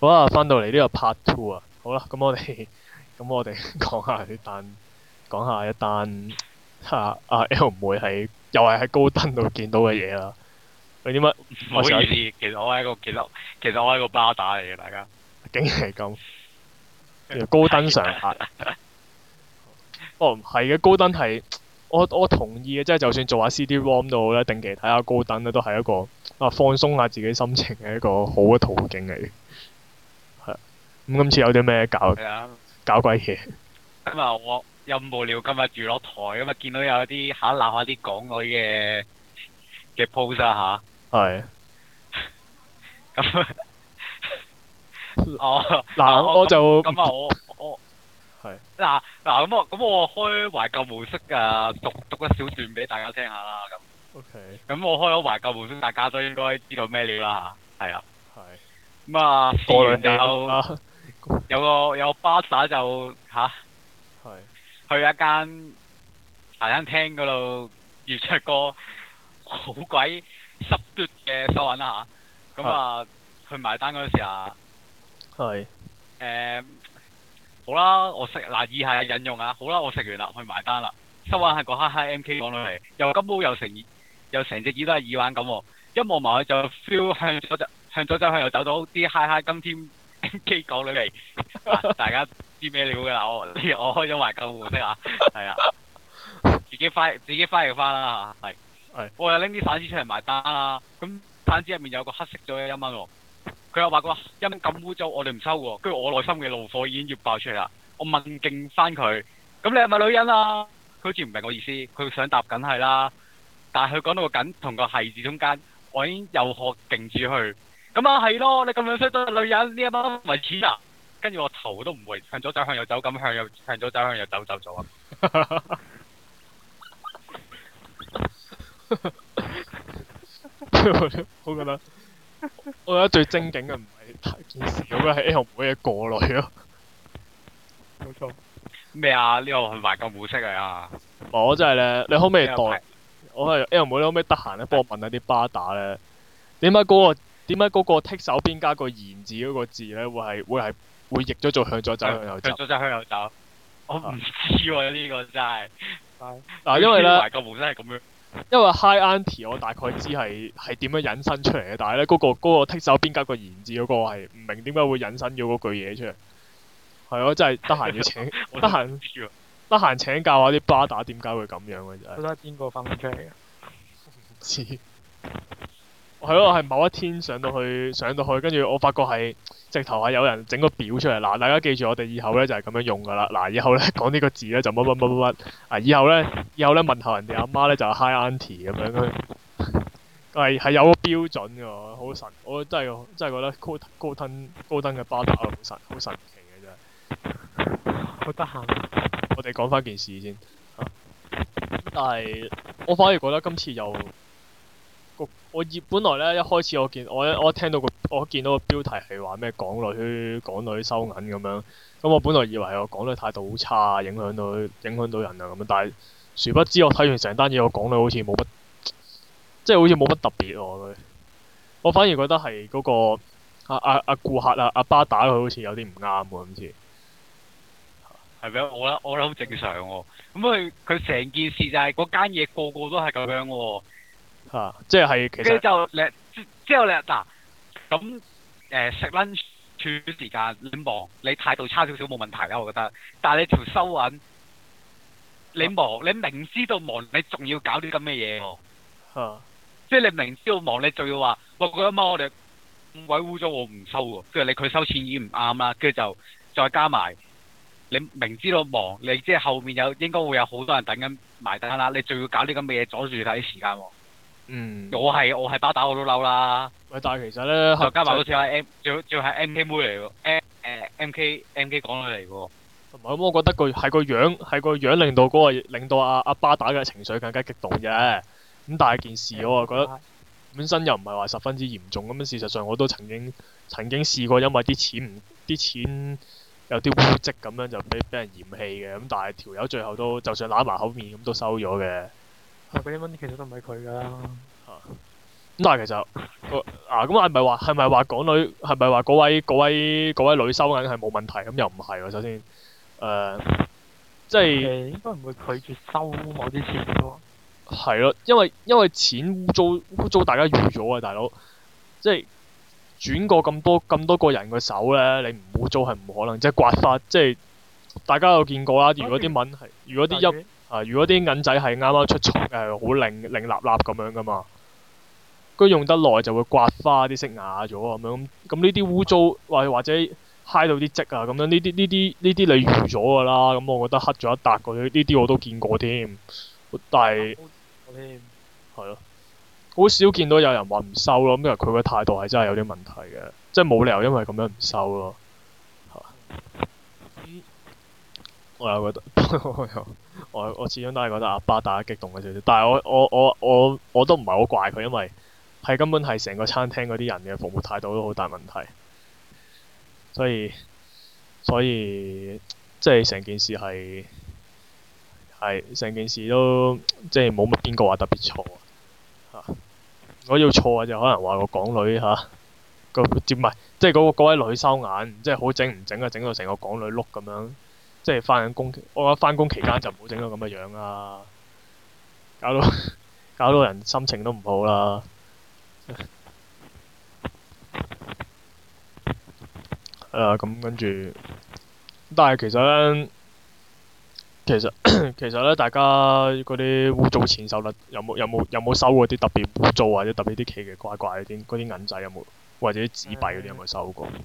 好啊，翻到嚟呢個 part two 啊。好啦，咁、嗯、我哋咁、嗯、我哋講下呢單，講下一單啊。阿、啊、L 妹係又係喺高登度見到嘅嘢啦。嗯、你點乜？唔好意思，想其實我係一個其實其實我係一,一個巴打嚟嘅，大家竟然係咁高登常客。 哦，係嘅，高登係我我同意嘅，即、就、係、是、就算做下 CD ROM 都好咧，定期睇下高登咧，都係一個啊放鬆下自己心情嘅一個好嘅途徑嚟。咁、嗯、今次有啲咩搞？係啊，搞鬼嘢。咁、嗯、啊， 唉嗯、我又無聊，今日住攞台，咁啊見到有啲吓鬧下啲港女嘅嘅 pose 啦吓。係。咁哦，嗱，我就咁啊，我我係。嗱嗱，咁啊是，咁我開懷舊模式啊，讀讀一小段俾大家聽下啦，咁。O Okay . K、嗯。咁我開咗懷舊模式，大家都應該知道咩料啦吓。係啊。係。咁啊，過完就。Oh, 有個有個巴薩就吓，去、啊、是去一間茶餐廳嗰度遇着個，好鬼濕滯嘅收銀啦吓，咁啊去埋單嗰陣時啊，係，誒，好啦，我食嗱、啊、以下引用啊，好啦，我食完啦去埋單啦，收銀係個嗨嗨 M K 講到嚟，又金毛又成，又成隻耳都係耳環咁，一望埋就 feel 向左向左走向右走到啲嗨嗨 g h 金添。機講你嚟，大家知咩料噶啦？我呢，我開咗埋救護式啊，係啊，自己翻自己翻嚟翻啦吓，係、啊、係，是我又拎啲散紙出嚟埋單啦。咁散紙入面有個黑色咗嘅一蚊喎，佢又話個一蚊咁污糟，我哋唔收喎。跟住我內心嘅怒火已經要爆出嚟啦。我問勁翻佢，咁你係咪女人啊？佢好似唔明我意思，佢想答緊係啦，但係佢講到個緊同個係字中間，我已經又學勁住去。咁、嗯、啊，係咯，你咁樣識得女人呢一班唔係錢啊！跟住我頭都唔回，向左走向右走，咁向右向左走向右走走咗啊！ 我覺得，我覺得最正經嘅唔係睇電視咁啊，係 L 妹嘅過來咯。冇錯。咩啊？呢個係埋個模式嚟啊！我真係咧，你可唔可以代？我係 L 妹，你可唔可以得閒咧幫我問下啲巴打咧？點解嗰個？點解嗰個剔手邊加個言字嗰個字咧，會係會係會譯咗做向左走向右走？向左走向右走，我唔知喎呢、啊、 個真係。嗱，但因為咧，因為 High a u n t y 我大概知係係點樣引申出嚟嘅，但係咧嗰個、那個剔手邊加個言字嗰個係唔明點解會引申咗嗰句嘢出嚟。係咯，真係得閒要請，得閒 知空，得閒、啊、請教下啲巴打點解會咁樣嘅、啊、啫。都得邊個分出嚟嘅？唔知。係咯，係某一天上到去，上到去，跟住我發覺係，直頭係有人整個表出嚟。嗱，大家記住，我哋以後咧就係、是、咁樣用㗎喇。嗱，以後咧講呢個字咧就乜乜乜乜乜。啊，以後咧，以後咧問候人哋阿媽咧就是、Hi Auntie 咁樣。係、啊、係有個標準㗎，好神！我真係真係覺得高高登高登嘅巴打好神，好神奇嘅真係。好得閒、啊、我哋講返件事先、啊、但係我反而覺得今次又～我我本來咧一開始我見我一我一聽到個我見到個標題係話咩港女港女收銀咁樣，咁、嗯、我本來以為我港女態度好差，影響到影響到人啊咁啊，但係殊不知我睇完成單嘢，我港女好似冇乜，即係好似冇乜特別喎。我反而覺得係嗰、那個阿阿阿顧客啊，阿爸，爸打佢好似有啲唔啱喎，好似係咪？我覺得我覺得好正常喎、哦。咁佢佢成件事就係、是、嗰間嘢個個都係咁樣喎、哦。啊，即係其實，跟住就你，之後你嗱咁誒，食 lunch short 時間你忙，你態度差少少冇問題啦，我覺得。但係你條收銀，你忙，啊、你明知道忙，你仲要搞啲咁嘅嘢吓，即係你明知道忙，你仲要話，喂，嗰一晚我哋咁鬼污糟，我唔收喎。即係你佢收錢已經唔啱啦，跟住就再加埋，你明知道忙，你即係後面有應該會有好多人等緊埋單啦，你仲要搞啲咁嘅嘢，阻住佢啲時間喎。啊嗯，我係我係巴打我都嬲啦，喂，但係其實咧，加埋好似係 M，最最係 M K 妹嚟嘅，M 誒 M K M K 講嚟嘅喎，唔、啊、咁、嗯，我覺得佢係個樣係個樣令到嗰、那個令到阿阿巴打嘅情緒更加激動啫。咁但係件事我又覺得本身又唔係話十分之嚴重，咁事實上我都曾經曾經試過，因為啲錢唔啲錢有啲污跡咁樣就俾俾人嫌棄嘅，咁但係條友最後都就算攬埋口面咁都收咗嘅。百幾蚊其實都唔係佢噶啦、啊，嚇！咁但係其實啊咁係咪係話係咪話港女係咪係話嗰位位位女收緊係冇問題？咁又唔係喎，首先誒、啊，即係應該唔會拒絕收某啲錢嘅、啊、喎。係咯，因為因為錢污糟，污糟大家預咗啊，大佬，即係轉過咁多咁多個人嘅手咧，你唔污糟係唔可能，即係刮法，即係大家有見過啦。如果啲蚊係，啊、如果啲一。啊！如果啲銀仔係啱啱出廠嘅，好零零立立咁樣噶嘛，佢用得耐就會刮花啲色牙咗咁樣，咁呢啲污糟或或者揩到啲跡啊咁樣，呢啲呢啲呢啲你預咗噶啦，咁我覺得黑咗一笪嗰啲呢啲我都見過添，但係係咯，好、啊、少見到有人話唔收咯，因為佢嘅態度係真係有啲問題嘅，即係冇理由因為咁樣唔收咯。啊嗯、我又覺得。 我我始終都係覺得阿爸打得激動嘅少少，但係我我我我我都唔係好怪佢，因為係根本係成個餐廳嗰啲人嘅服務態度都好大問題，所以所以即係成件事係係成件事都即係冇乜邊個話特別錯啊！我要錯就可能話個港女嚇、啊、個接唔係，即係嗰、嗰個、位女收眼，即係好整唔整啊，整到成個港女碌咁樣。即係翻緊工，我覺得翻工期間就唔好整到咁嘅樣啦，啊，搞到搞到人心情都唔好啦。係 啊，咁跟住，但係其實咧，其實 其實咧，大家嗰啲污糟錢收得有冇有冇有冇收過啲特別污糟或者特別啲奇奇怪怪嗰啲嗰啲銀仔有冇，或者紙幣嗰啲有冇收過？嗯嗯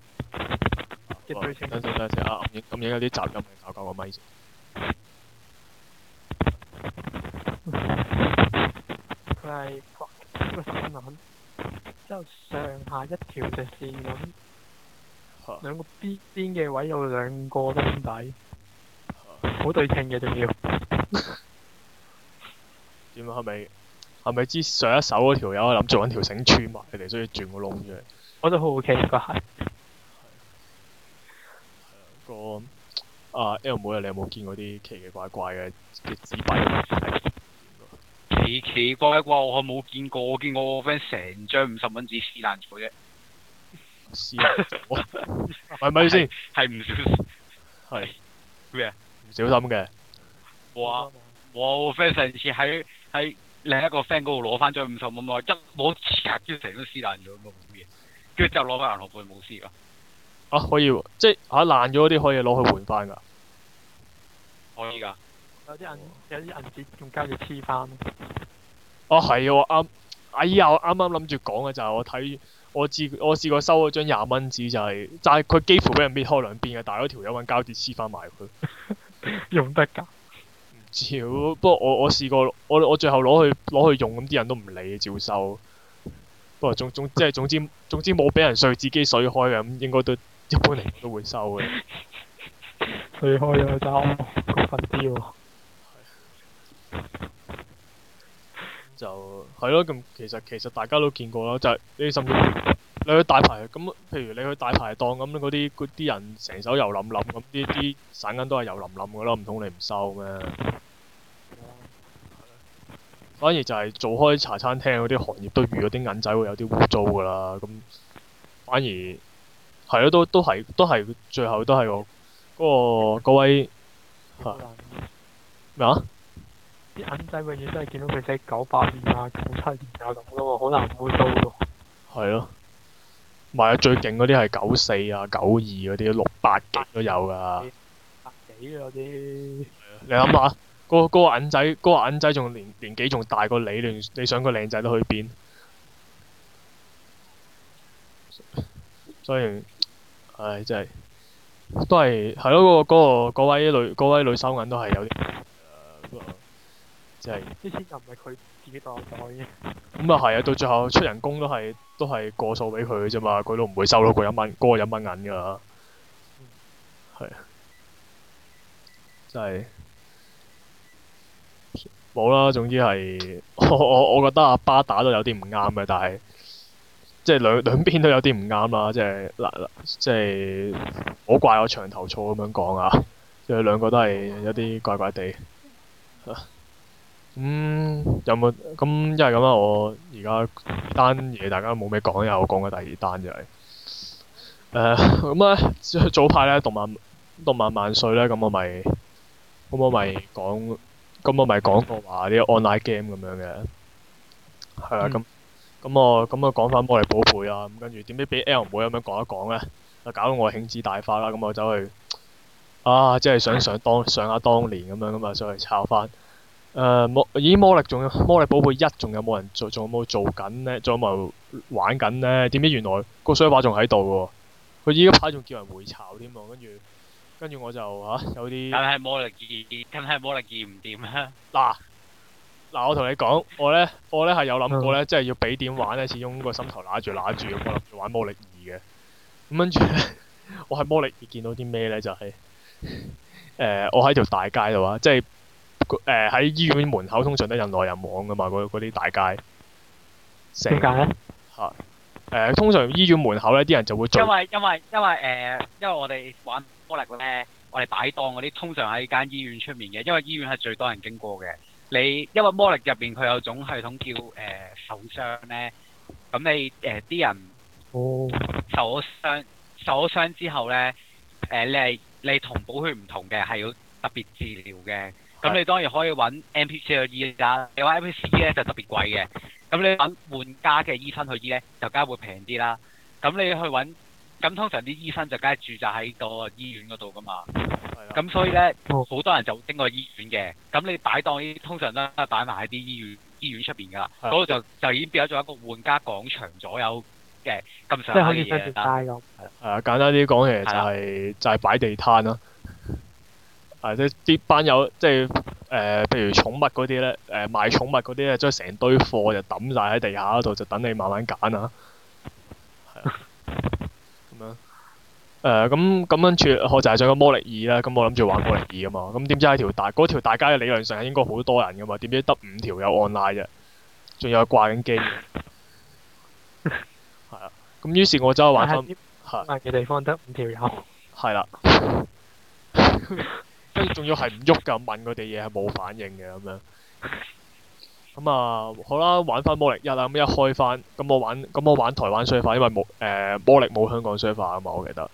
哦、等先等下先啊！咁而家啲雜音咪搞鳩個麥先。佢係個心之後上下一條直線咁，兩個邊邊嘅位有兩個窿底，好 對稱嘅仲要。點啊？ 後尾係咪知上一手嗰條友諗住揾條繩穿埋佢哋，所以轉個窿出嚟。我就好好奇，呢個係。啊，L 妹啊，ah, au, 你有冇見過啲奇奇怪怪嘅紙幣？奇奇怪怪，我冇見過。我見過我個 friend 成張五十蚊紙撕爛咗啫。撕啊！係咪先？係唔 等小心？係咩唔小心嘅。哇！我個 friend 上次喺喺另一個 friend 嗰度攞翻張五十蚊，啊。一攞拆咗成張撕爛咗咁嘅嘢，跟住之後就攞翻銀行櫃冇撕啊。啊，可以即係啊爛咗嗰啲可以攞去換翻噶。可以噶，有啲銀有啲銀紙用膠紙黐翻。哦、啊，係喎，啱、啊、哎我啱啱諗住講嘅就係、是、我睇我試我試過收咗張廿蚊紙就係、是，就係、是、佢幾乎俾人搣開兩邊嘅，但係嗰條友揾膠紙黐翻埋佢， 用得噶的。唔知，不過我我試過，我我最後攞去攞去用，咁啲人都唔理，照收。不過總總，總即係總之總之冇俾人碎自己碎開嘅，咁應該都一般嚟講都會收嘅。 佢開咗招高分就係咯。咁其實其實大家都見過啦，就係、是、你甚至你去大排咁，譬如你去大排檔咁，嗰啲嗰啲人成手油淋淋咁，啲啲散銀都係油淋淋噶啦，唔通你唔收咩？反而就係做開茶餐廳嗰啲行業都遇嗰啲銀仔會有啲污糟噶啦。咁 c Öz ell großes 反而係咯、啊，都都係都係最後都係個。不過嗰位，吓。咩啊？啲銀仔永遠都係見到佢寫九八年啊、九七年啊咁咯，可能會到。係咯。唔係啊！最勁嗰啲係九四啊、九二嗰啲，六百幾都有㗎。百幾嗰啲。你諗下，嗰個嗰個銀仔，嗰個銀仔仲年年紀仲大過你，連你想個靚仔都去邊？所以。然，唉，真係。都係，係咯，嗰個嗰個嗰位女嗰位女收銀都係有啲，即係啲錢又唔係佢自己袋袋嘅。咁啊係啊，到最後出人工都係都係過數畀佢嘅啫嘛，佢都唔會收到嗰一蚊嗰個一蚊銀㗎喇。係啊。即係冇啦，總之係我我我覺得阿爸打都有啲唔啱嘅，但係。即係兩兩邊都有啲唔啱啊，即係嗱嗱，即係好怪我長頭草咁樣講啊，即係兩個都係有啲怪怪哋。咁有冇咁因為咁啦？我而家單嘢大家冇咩講，因為我講嘅第二單、啊、就係、是。誒、啊，咁、啊、咧，早排咧動漫動漫萬歲咧，咁我咪咁我咪講，咁我咪講過話啲 online game 咁樣嘅係啦咁。咁我咁我講翻魔力寶貝啊，咁跟住點知俾 L 妹咁樣講一講咧？就搞到我興致大發啦，咁、嗯、我走去啊，即係想想當想下當年咁樣咁啊，再去炒翻。誒、呃、魔咦魔力仲有？魔力寶貝一仲有冇人做仲有冇做緊咧？仲有冇玩緊咧？點知原來個水板仲喺度嘅？佢依家排仲叫人回炒添、啊、喎，跟住跟住我就啊，有啲。梗係魔力二，魔力二唔掂啦。啊嗱，我同你講，我咧，我咧係有諗過咧，嗯、即係要俾點玩咧，始終個心頭乸住乸住，我諗住玩魔力二嘅。咁跟住咧，我喺魔力二見到啲咩咧？就係、是、誒、呃，我喺條大街度啊，即係誒喺醫院門口通常都人來人往噶嘛，嗰啲大街。點解咧？吓，誒、啊呃，通常醫院門口咧，啲人就會因為因為因為誒、呃，因為我哋玩魔力咧，我哋擺檔嗰啲通常喺間醫院出面嘅，因為醫院係最多人經過嘅。你因為魔力入邊佢有種系統叫誒、呃、受傷咧，咁你誒啲、呃、人受咗傷，受咗傷之後咧，誒、呃、你你同保血唔同嘅，係要特別治療嘅。咁你當然可以揾 NPC 去醫啦，你揾 NPC 咧就特別貴嘅。咁你揾玩家嘅醫生去醫咧，就梗係會平啲啦。咁你去揾。咁通常啲醫生就梗係駐紮喺個醫院嗰度噶嘛，咁的所以呢，好、嗯、多人就經過醫院嘅。咁你擺檔通常都擺埋喺啲醫院醫院出邊噶啦，嗰度的就就已經變咗做一個換家廣場左右嘅咁上下嘢啦。係啊，簡單啲講其實就係、是、的就係、是就是、擺地攤啦。係即啲班友，即係誒，譬、呃、如寵物嗰啲呢，誒、呃、賣寵物嗰啲呢，將成堆貨就揼晒喺地下嗰度，就等你慢慢揀啦。係啊。 誒咁咁樣住，啊、那那我就係上個魔力二啦。咁我諗住玩魔力二啊嘛。咁點知喺條大嗰條大街嘅理論上係應該好多人噶嘛？點知得五條友 online 啫，仲有掛緊機嘅，係啊。咁、啊、於是我走去玩翻係嘅地方得五條友，係啦是、啊，跟住仲要係唔喐噶問佢哋嘢係冇反應嘅咁樣咁啊。好啦，玩翻魔力一啦。咁一開翻，咁、啊、我玩咁我玩台灣水法，因為冇誒、呃、魔力冇香港水法啊嘛。我記得。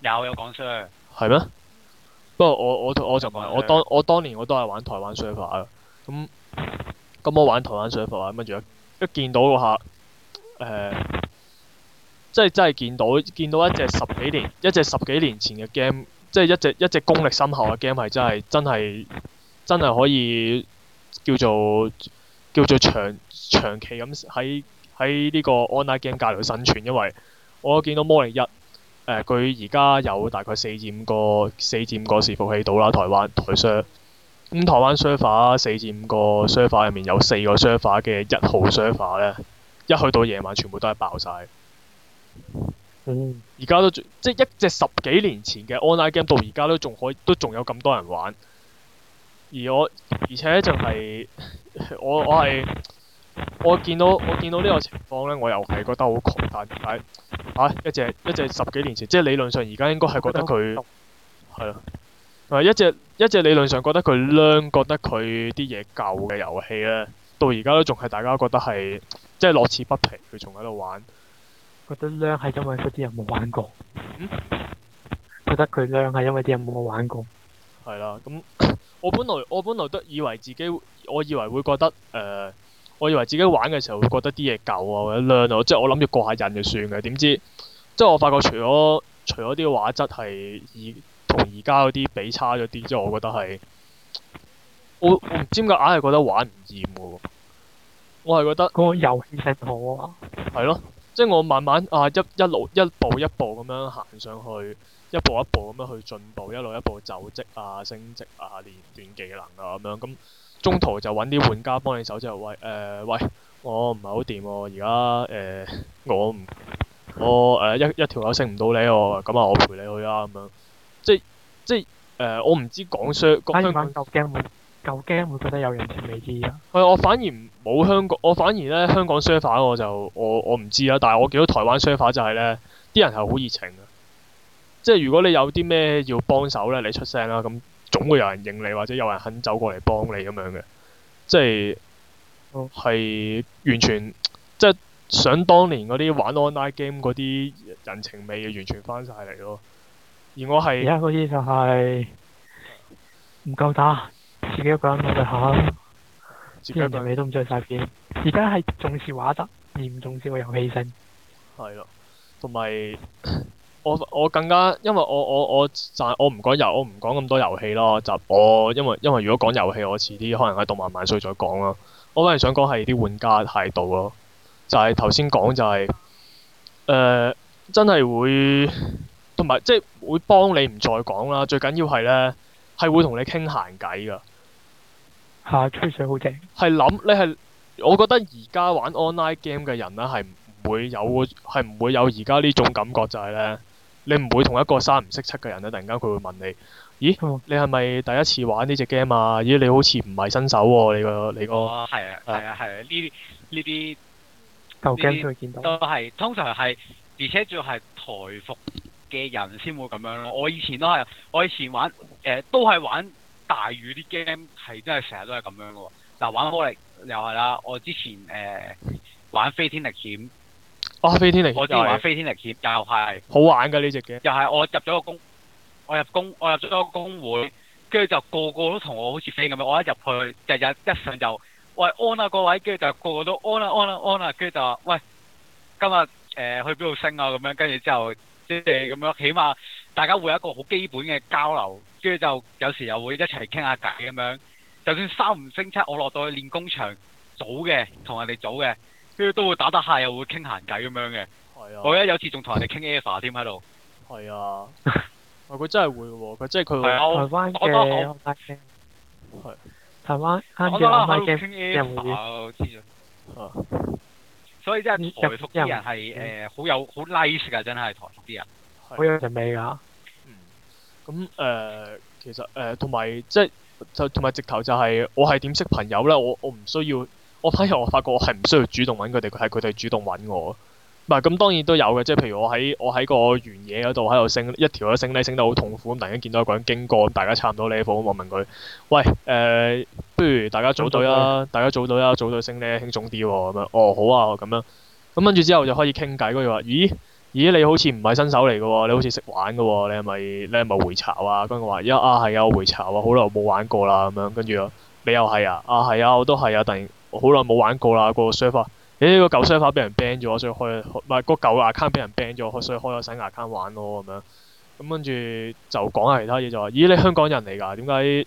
有有講出嚟，係咩？不過我我我就唔我當我當年我都係玩台灣 super 咁咁我玩台灣 super 啊！跟住一,一見到個客誒、呃，即係真係見到見到一隻十幾年一隻十幾年前嘅 game，即係一隻一隻功力深厚嘅 game，係真係真係真係可以叫做叫做長長期咁喺喺呢個 online game 界裡生存，因為我見到魔力一。佢而家有大概四至五個四至五個伺服器到啦，台灣台商。咁台灣 server 四至五個 server 入面有四個 server 嘅一號 server 咧，一去到夜晚全部都係爆晒。嗯。而家都即係一隻十幾年前嘅 online game，到而家都仲可以，都仲有咁多人玩。而我而且就係、是、我我係。我見到我見到呢個情況呢，我又係覺得好窮，但係吓、啊、一隻一隻十幾年前，即係理論上而家應該係覺得佢係咯，啊一隻一隻理論上覺得佢靚，覺得佢啲嘢舊嘅遊戲呢到而家都仲係大家覺得係即係樂此不疲，佢仲喺度玩。覺得靚係因為啲人冇玩過，嗯、覺得佢靚係因為啲人冇玩過。係啦，咁我本來我本來都以為自己，我以為會覺得誒。呃我以為自己玩嘅時候會覺得啲嘢舊啊，或者亮啊，即係我諗住過下癮就算嘅。點知即係我發覺除咗除咗啲畫質係而同而家嗰啲比差咗啲之後，我覺得係我唔知點解硬係覺得玩唔厭喎。我係覺得個遊戲係好啊。係咯，即係我慢慢啊一一路一步一步咁樣行上去，一步一步咁樣去進步，一路一步晉級啊、升職啊、練練技能啊咁樣咁。中途就揾啲玩家幫你手，就喂誒、呃、喂，我唔係好掂喎，而家誒我唔我誒、呃、一一條友勝唔到你我、啊，咁啊我陪你去啊咁樣，即即誒、呃、我唔知講 server 香港夠驚，夠驚會,會覺得有人情味知啊。係、欸、我反而冇香港，我反而咧香港 server 我就我我唔知啦，但係我見到台灣 server 就係咧啲人係好熱情啊，即係如果你有啲咩要幫手咧，你出聲啦咁。總會有人認你，或者有人肯走過嚟幫你咁樣嘅，即係係、oh. 完全即係想當年嗰啲玩 online game 嗰啲人情味完全翻晒嚟咯。而我係而家嗰啲就係唔夠打，自己一個人努力下，自己人味都唔在晒邊。而家係重視畫質而唔重視個遊戲性，係咯，同埋。 我我更加，因為我我我就我唔講遊，我唔講咁多遊戲咯。就我因為因為如果講遊戲，我遲啲可能喺《動漫萬歲》再講咯。我反而想講係啲玩家態度咯，就係頭先講就係、是、誒、呃、真係會同埋即係會幫你唔再講啦。最緊要係咧係會同你傾閒偈㗎，係、啊、吹水好正。係諗你係，我覺得而家玩 online game 嘅人咧，係唔會有係唔會有而家呢種感覺就呢，就係咧。你唔會同一個三唔識七嘅人咧、啊，突然間佢會問你：咦，你係咪第一次玩呢隻 game 啊？咦，你好似唔係新手喎、啊，你個你個。係啊係啊係啊！呢啲、啊，呢啲頭驚先會見到。啊啊啊、都係通常係，而且仲係台服嘅人先會咁樣咯。我以前都係，我以前玩誒、呃、都係玩大魚啲 game，係真係成日都係咁樣嘅喎。嗱、啊，玩火力又係啦，我之前誒、呃、玩飛天歷險。啊！飛、哦、天力，我知啊！飛天力險又係是，好玩噶呢隻嘅，又係我入咗個公，我入公，我入咗個公會，跟住就個個都同我好似飛咁樣。我一入去，日日一上就喂安啊各位，跟住就個個都安啦安啦安啦，跟住、啊、就話喂今日誒、呃、去邊度升啊咁樣，跟住之後即係咁樣，起碼大家會有一個好基本嘅交流，跟住就有時又會一齊傾下偈咁樣。就算三唔升七，我落到去練功場組嘅，同人哋組嘅。佢都會打得下，又會傾閒偈咁樣嘅。係啊！我得的的、哦！我依家有次仲同人哋傾 Airfare 添喺度。係啊！佢真係會喎，佢即係佢。係啊！台灣嘅。台灣嘅唔係嘅。所以即係台服啲人係誒好有好 nice 啊！真係台服啲人好有品味㗎。嗯。咁誒，其實誒，同、呃、埋即係就同埋直頭就係我係點識朋友咧？我我唔需要。我反而我發覺係唔需要主動揾佢哋，係佢哋主動揾我。唔係咁，當然都有嘅，即係譬如我喺我喺個原野嗰度喺度升一條一升呢升得好痛苦，突然間見到一個人經過，大家差唔多你 e v e 我問佢：喂誒，不如大家組隊啦，大家組隊啦，組隊升呢輕重啲喎咁樣。哦，好啊，咁樣咁跟住之後就開始傾偈。跟住話：咦咦，你好似唔係新手嚟嘅喎，你好似識玩嘅喎，你係咪你係咪回巢啊？跟住我話：啊啊係啊，回巢啊，好耐冇玩過啦咁樣。跟住你又係啊？啊係啊，我都係啊，突然～我好耐冇玩過啦個 server，咦個舊 server 俾人 ban 咗，所以開唔係個舊 account 俾人 ban 咗，所以開咗新 account 玩咯咁樣。咁、嗯、跟住就講下其他嘢就話，咦你香港人嚟㗎？點解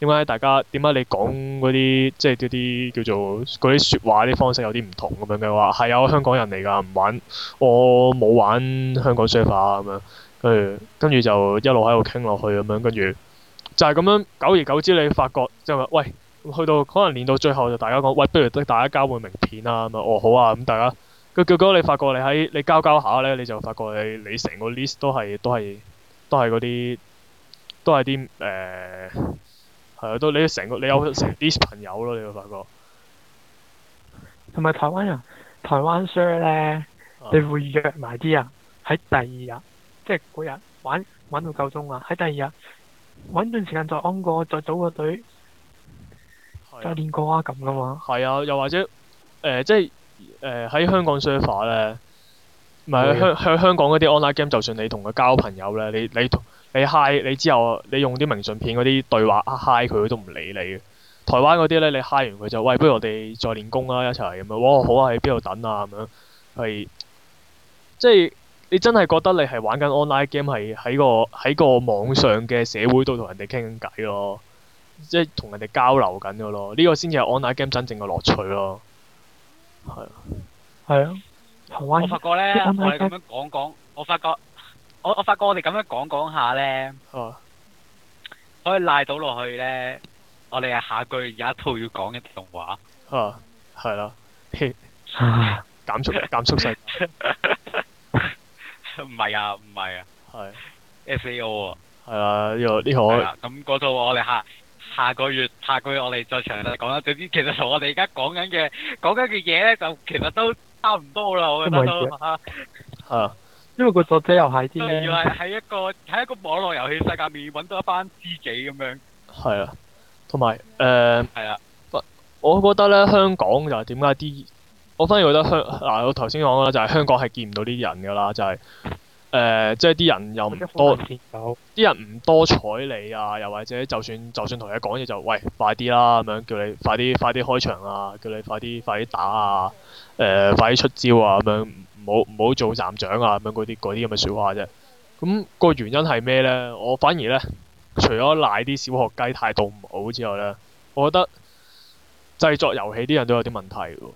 點解大家點解你講嗰啲即係嗰啲叫做嗰啲説話啲方式有啲唔同咁樣嘅話？係、嗯、有、啊、香港人嚟㗎，唔玩我冇玩香港 server 咁樣。跟住跟住就一路喺度傾落去咁樣，跟住就係咁樣久而久之你發覺即係話喂。去到可能練到最後，就大家講：喂，不如大家交換名片啊！咁、嗯、啊，哦，好啊！咁、嗯、大家，佢叫咗你發覺你喺你交交下咧，你就發覺你你成個 list 都係都係都係嗰啲，都係啲誒，係啊！都，都、呃、你成個你有成 list 朋友咯、啊，你會發覺。同埋台灣人、啊，台灣 share 咧，你會約埋啲人喺第二日，即係嗰日玩玩到夠鐘啊！喺第二日，揾段時間再安過，再組個隊。再練功啊咁噶嘛？係啊，又或者誒、呃，即係誒喺香港 server 咧，唔係香港香港嗰啲 online game，就算你同佢交朋友咧，你你你 hi 你之後你用啲明信片嗰啲對話 hi 佢，佢都唔理你嘅。台灣嗰啲咧，你 hi 完佢就喂，不如我哋再練功啦，一齊咁樣。哇，好啊，喺邊度等啊？咁樣，係即係你真係覺得你係玩緊 online game，係喺個喺個網上嘅社會度同人哋傾緊偈咯。即係同人哋交流緊嘅咯，呢個先至係 online game 真正嘅樂趣咯。係啊，係啊，我發覺咧，我哋咁樣講講，我發覺我我發覺我哋咁樣講講下咧，可以拉到落去咧。我哋係下句有一套要講嘅動畫，哦，係啦，撇啊，減速減速世界，唔係啊，唔係啊，係 S A O 啊，係啊，呢個呢個，咁套我哋下。下個月，下個月我哋再詳細講啦。總之，其實同我哋而家講緊嘅講緊嘅嘢咧，就其實都差唔多啦。我覺得都係啊， 因為個作者又係啲咧，原來喺一個喺 一個網絡遊戲世界面搵到一班知己咁樣，係啊，同埋誒，係、呃、啊，我的我覺得咧，香港就係點解啲，我反而覺得、啊、香嗱我頭先講啦，就係香港係見唔到啲人噶啦，就係。誒、呃，即係啲人又唔多，啲 人唔多睬你啊！又或者就算就算同你講嘢，就喂，快啲啦咁樣叫你快啲快啲開場啊！叫你快啲快啲打啊！誒、呃，快啲出招啊！咁樣唔好唔好做站長啊！咁樣嗰啲啲咁嘅説話啫。咁、個原因係咩呢？我反而呢，除咗賴啲小學雞態度唔好之後呢，我覺得製作遊戲啲人都有啲問題喎。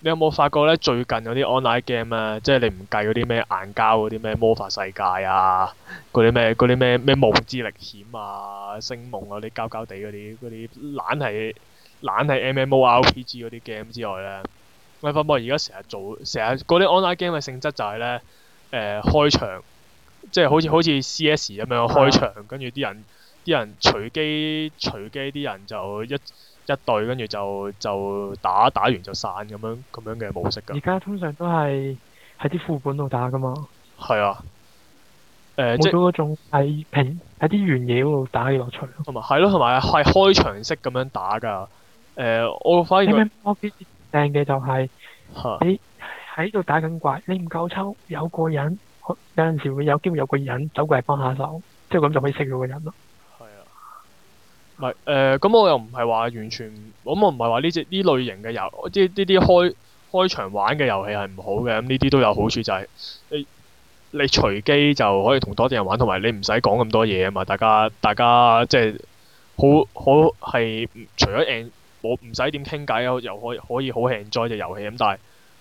你有冇發覺咧？最近有啲 online game 啊，即係你唔計嗰啲咩硬膠嗰啲咩魔法世界啊，嗰啲咩嗰啲咩咩無之力險啊、星夢啊啲膠膠地嗰啲嗰啲懶係懶係 MMORPG 嗰啲 game 之外咧，喂，發覺而家成日做成日嗰啲 online game 嘅性質就係咧，誒開場，即係好似好似 CS 咁樣開場，跟住啲人啲人隨機隨機啲人就一。一隊，跟住就就打，打完就散，咁樣咁樣嘅模式噶。而家通常都係喺啲副本度打噶嘛。係啊，誒、呃、即係嗰種喺平喺啲原野度打嘅樂趣。同埋係咯，同埋係開場式咁樣打噶。誒、呃，我反而我幾正嘅就係、是、哈你喺度打緊怪，你唔夠抽有個人，有陣時會有機會有個人走過嚟幫下手，即係咁就可以識到個人咯。唔係，誒咁、呃、我又唔係話完全，咁我唔係話呢隻呢類型嘅遊，即係呢啲開開場玩嘅遊戲係唔好嘅，咁呢啲都有好處就係你你隨機就可以同多啲人玩，同埋你唔使講咁多嘢啊嘛，大家大家即係好好係除咗 e 我唔使點傾偈又可可以好 enjoy 嘅遊戲咁，但係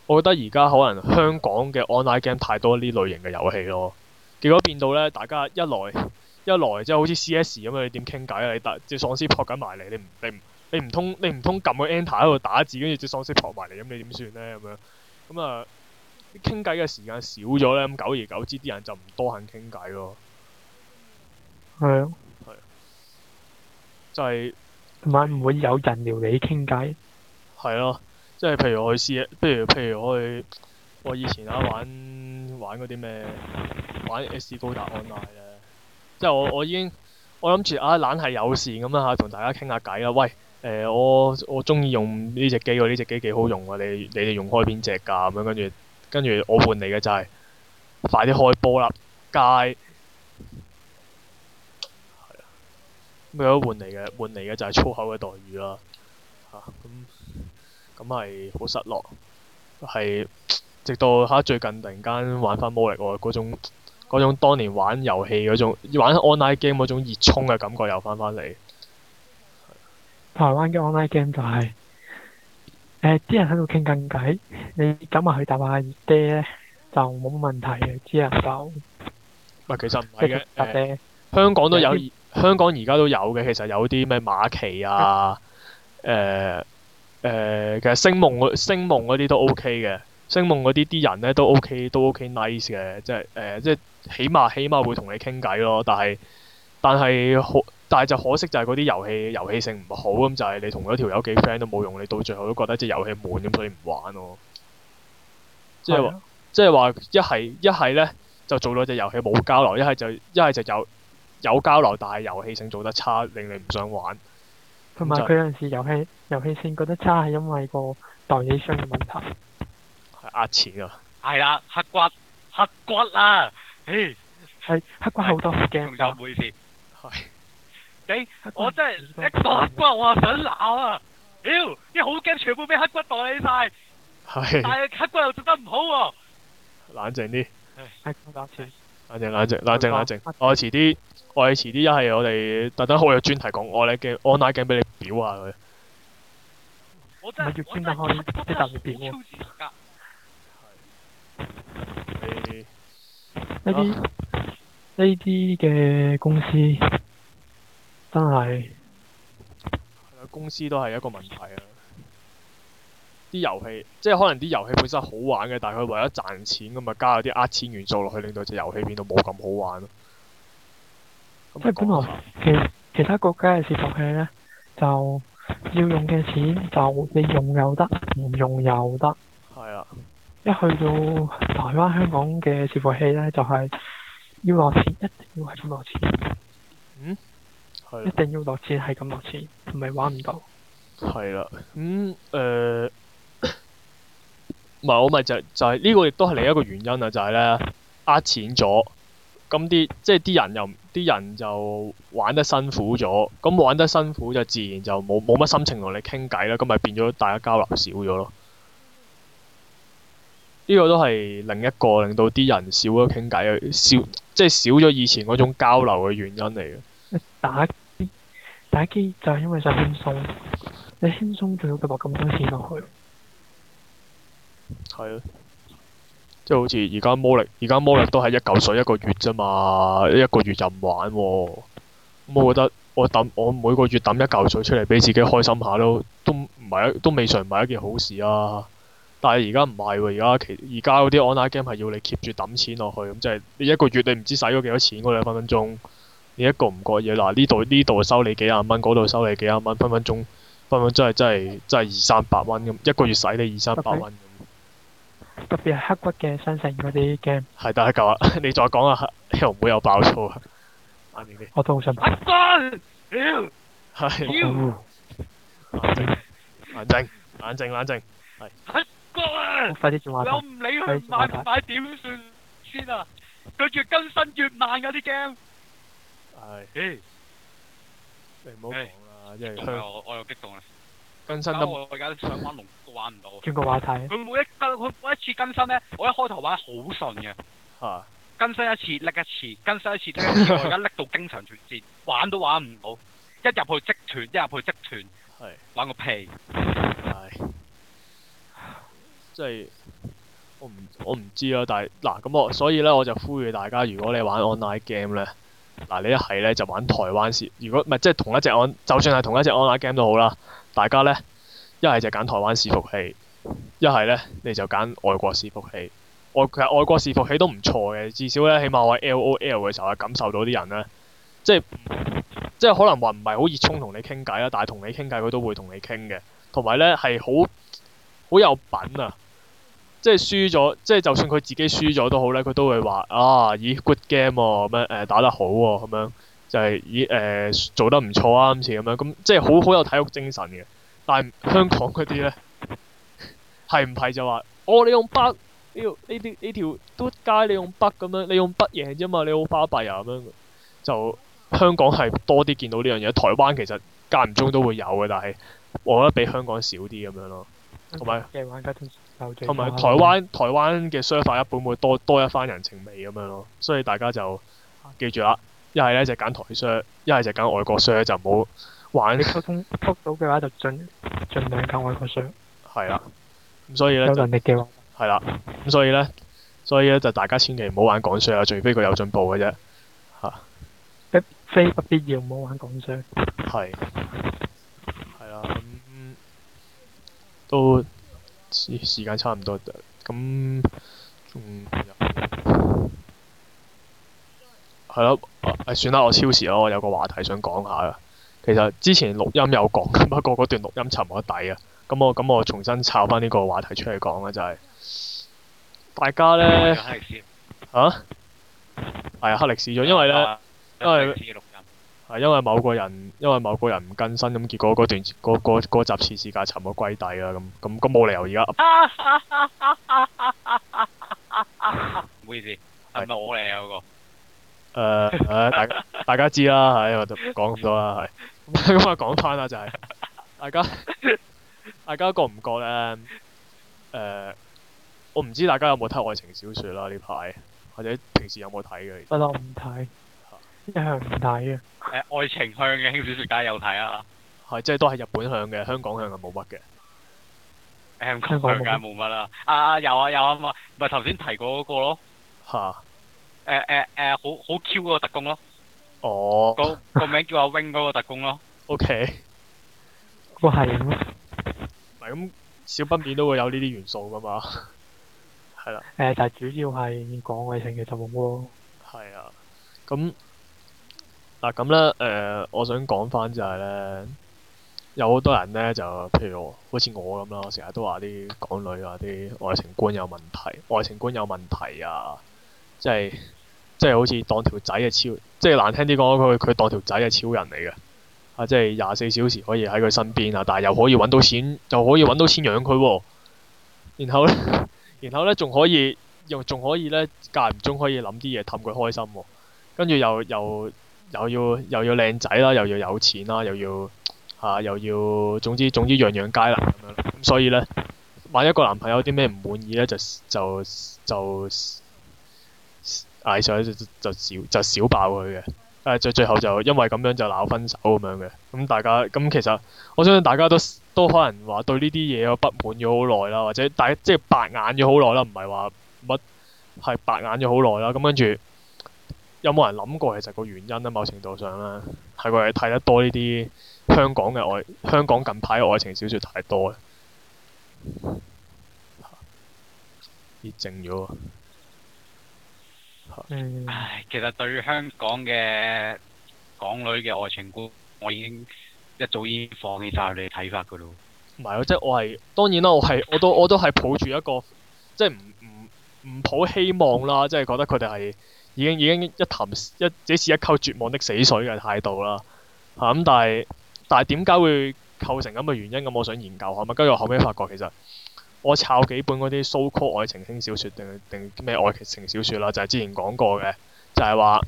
我覺得而家可能香港嘅 online game 太多呢類型嘅遊戲咯，結果變到咧大家一來。That, 一來即係好似 C.S. 咁啊，你點傾偈啊？你但只係喪屍撲緊埋嚟，你唔你唔你唔通你唔通撳個 enter 喺度打字，跟住隻喪屍撲埋嚟咁，你點算呢？咁樣咁啊，傾偈嘅時間少咗呢。咁久而久之，啲人就唔多肯傾偈咯。係啊，啊，就係點解唔會有人撩你傾偈？係啊，即係譬如我去 C.S.，不如譬如我去我以前啊玩玩嗰啲咩玩 S 高達 online 啊。即我我已經我諗住啊懶係有事咁樣嚇，同、啊、大家傾下偈啦。喂誒，我我中意用呢隻機喎，呢隻機幾好用喎。你你哋用開邊隻㗎？咁樣跟住跟住我換嚟嘅就係快啲開波啦街。係啊，咁有換嚟嘅換嚟嘅就係粗口嘅待遇啦嚇，咁咁係好失落，係直到嚇最近突然間玩翻魔力喎嗰種。嗰種當年玩遊戲嗰種玩 online game 嗰種熱衷嘅感覺又翻返嚟。台灣嘅 online game 就係誒啲人喺度傾緊偈，你咁埋去搭下嗲咧就冇問題嘅，知人就唔、呃、其實唔係嘅誒。香港都有香港而家都有嘅，其實有啲咩馬棋啊誒誒、呃呃，其實星夢星夢嗰啲都 OK 嘅，星夢嗰啲啲人咧都 OK 都 OK nice 嘅，即係誒、呃、即係。起碼起碼會同你傾偈咯，但係但係好但係就可惜就係嗰啲遊戲遊戲性唔好咁、嗯、就係、是、你同嗰條友幾 friend 都冇用，你到最後都覺得隻遊戲悶咁、嗯，所以唔玩咯。即係即係話一係一係呢，就做咗隻遊戲冇交流，一係就一係就有有交流，但係遊戲性做得差，令你唔想玩。同埋佢有陣時遊戲遊戲性覺得差係因為個代理商嘅問題，係呃、嗯、錢啊！係啦，黑骨黑骨啦！誒，係黑骨好多好驚，唔好意思。係，我真係一講黑骨，我想鬧啊！屌，啲好驚全部俾黑骨代理晒，係，但係黑骨又做得唔好喎。冷靜啲，黑骨打算冷靜冷靜冷靜冷靜。我係遲啲，我係遲啲一係我哋特登好有專題講，我嚟鏡，我拿鏡俾你表下佢。我真係，我真係。係。呢啲呢啲嘅公司真係，公司都係一個問題啊！啲遊戲即係可能啲遊戲本身好玩嘅，但係佢為咗賺錢咁啊，加咗啲呃錢元素落去，令到隻遊戲變到冇咁好玩咯、啊。即係本來其其他國家嘅伺服器呢，就要用嘅錢就你用又得，唔用又得。係啊。一去到台灣、香港嘅伺服器呢，就係、係、要落錢，一定要係咁落錢，嗯錢，錢。嗯？一定要落錢，係咁落錢，唔係玩唔到。係啦，咁、就、誒、係，唔係我咪就就係呢個亦都係另一個原因啊！就係、係、呢呃錢咗，咁啲即係啲人又啲人就玩得辛苦咗，咁玩得辛苦就自然就冇冇乜心情同你傾偈啦，咁咪變咗大家交流少咗咯。呢個都係另一個令到啲人少咗傾偈、少即係少咗以前嗰種交流嘅原因嚟嘅。打機打機就係因為想輕鬆，你輕鬆仲要投入咁多錢落去。係啊，即係好似而家魔力，而家魔力都係一嚿水一個月啫嘛，一個月就唔玩喎。咁我覺得我抌我每個月抌一嚿水出嚟俾自己開心下都都唔係都未算唔係一件好事啊！但係而家唔係喎，而家其而家嗰啲 online game 係要你 keep 住揼錢落去咁，即係你一個月你唔知使咗幾多錢嗰兩分分鐘，你一個唔覺意嗱呢度呢度收你幾十蚊，嗰度收你幾十蚊，分分鐘分分鐘真係真係真係二三百蚊咁，一個月使你二三百蚊。Okay. 樣特別係黑骨嘅新城嗰啲 game。係，但係夠啦，你再講啊，又唔會有爆粗啊。我都好想。阿俊，哎，冷靜，冷靜，冷靜，冷靜，冷靜，冷靜，係。快啲轉話題。我唔理佢唔買唔買點算先啊！佢越更新越慢嗰啲 game。係。你唔好講啦，真係。我又我又激動啦。更新都。我而家想玩龍，都玩唔到。轉個話題。佢每一更，佢每一次更新咧，我一開頭玩好順嘅。吓。更新一次，叻一次；更新一次，叻一次。我而家叻到經常斷線，玩都玩唔到。一入去即斷，一入去即斷。係。玩個屁。係。即係我唔我唔知啊，但係嗱咁我所以咧，我就呼籲大家，如果你玩 online game 咧，嗱你一係咧就玩台灣，如果唔係即係同一隻就算係同一隻 online game 都好啦，大家咧一係就揀台灣伺服器，一係咧你就揀外國伺服器。外其實外國伺服器都唔錯嘅，至少咧起碼我 LOL 嘅時候係感受到啲人咧，即係即係可能話唔係好熱衷同你傾偈啦，但係同你傾偈佢都會同你傾嘅，同埋咧係好好有品啊！即係輸咗，即係就算佢自己輸咗都好咧，佢都會話啊，咦，good game 喎、啊，咩、呃、誒打得好喎、啊，咁樣就係、是、咦，誒、呃、做得唔錯啊，咁似咁樣，咁即係好好有體育精神嘅。但係香港嗰啲咧係唔係就話哦，你用筆，呢呢呢條闌街你用筆咁樣，你用筆贏啫嘛，你好巴閉啊咁樣。就香港係多啲見到呢樣嘢，台灣其實間唔中都會有嘅，但係我覺得比香港少啲咁樣咯。同埋，同埋台灣台灣嘅 s 法一般會多多一番人情味咁樣咯，所以大家就記住啦，一係咧就揀台 share，一係就揀外國 share 就唔好玩。你溝通到嘅話就盡盡量揀外國 share。係啦，咁所以咧有能力嘅話，係啦，咁所以咧，所以咧就大家千祈唔好玩港 share 啊，除非佢有進步嘅啫吓。一非不必要唔好玩港 share。係，係啦，咁、嗯、都。嗯時時間差唔多，咁嗯，係咯，誒、啊、算啦，我超時啦，我有個話題想講下噶。其實之前錄音有講，不過嗰段錄音沉唔得底啊。咁我咁我重新炒返呢個話題出嚟講啦，就係、是、大家咧啊係黑歷史咗，因為咧因為。係因為某個人，因為某個人唔更新，咁結果嗰段嗰集次事件沉沒歸底啦，咁咁咁冇理由而家。唔 好意思，係咪是我嚟啊嗰個？誒、呃呃，大家 大家知啦，喺度講咁多啦，咁啊講翻啦就係、是， 大家大家覺唔覺咧？誒、呃，我唔知大家有冇睇愛情小說啦呢排，或者平時有冇睇嘅？不嬲唔睇。一向唔睇嘅。誒，愛情向嘅輕小說梗係有睇啦。係，即係都係日本向嘅，香港向係冇乜嘅。香港冇解冇乜啦，啊，有啊有啊，咪咪頭先提過嗰個咯。吓。誒誒誒，好好 Q 嗰個特工咯。哦。個個名叫阿 wing 嗰個特工咯。OK。不過係。咪咁少不免都會有呢啲元素噶嘛。係啦。誒，就係主要係講愛情嘅特工咯。係啊。咁。嗱咁咧，誒、啊呃，我想講翻就係咧，有好多人咧，就譬如好似我咁啦，成日都話啲港女啊，啲愛情觀有問題，愛情觀有問題啊，即係即係好似當條仔嘅超即係難聽啲講句，佢當條仔嘅超人嚟嘅，啊，即係廿四小時可以喺佢身邊啊，但係又可以揾到錢，又可以揾到錢養佢喎、啊，然後咧， 然後咧，仲可以又仲可以咧，間唔中可以諗啲嘢氹佢開心、啊，跟住又又。又又又要又要靚仔啦，又要有錢啦，又要嚇、啊、又要，總之總之樣樣皆難咁樣。咁所以呢，揾一,一個男朋友有啲咩唔滿意呢？就就就嗌上就少、哎、就少爆佢嘅。誒、啊，最最後就因為咁樣就鬧分手咁樣嘅。咁、嗯、大家咁、嗯、其實，我相信大家都都可能話對呢啲嘢有不滿咗好耐啦，或者大家即係白眼咗好耐啦，唔係話乜係白眼咗好耐啦。咁、嗯、跟住。有冇人諗過，其實個原因呢？某程度上咧，係佢哋睇得多呢啲香港嘅愛，香港近排嘅愛情小説太多，熱靜咗。唉、嗯，其實對香港嘅港女嘅愛情觀，我已經一早已經放棄晒。你哋睇法噶咯。唔係啊，即係我係當然啦，我係我都我都係抱住一個即係唔唔唔抱希望啦，即係覺得佢哋係。已經已經一潭一，這是一溝絕望的死水嘅態度啦。嚇、嗯、咁，但係但係點解會構成咁嘅原因咁、嗯？我想研究下咪。跟住我後尾發覺其實我抄幾本嗰啲 so-called 愛情輕小說定定咩愛情小說啦，就係、是、之前講過嘅，就係話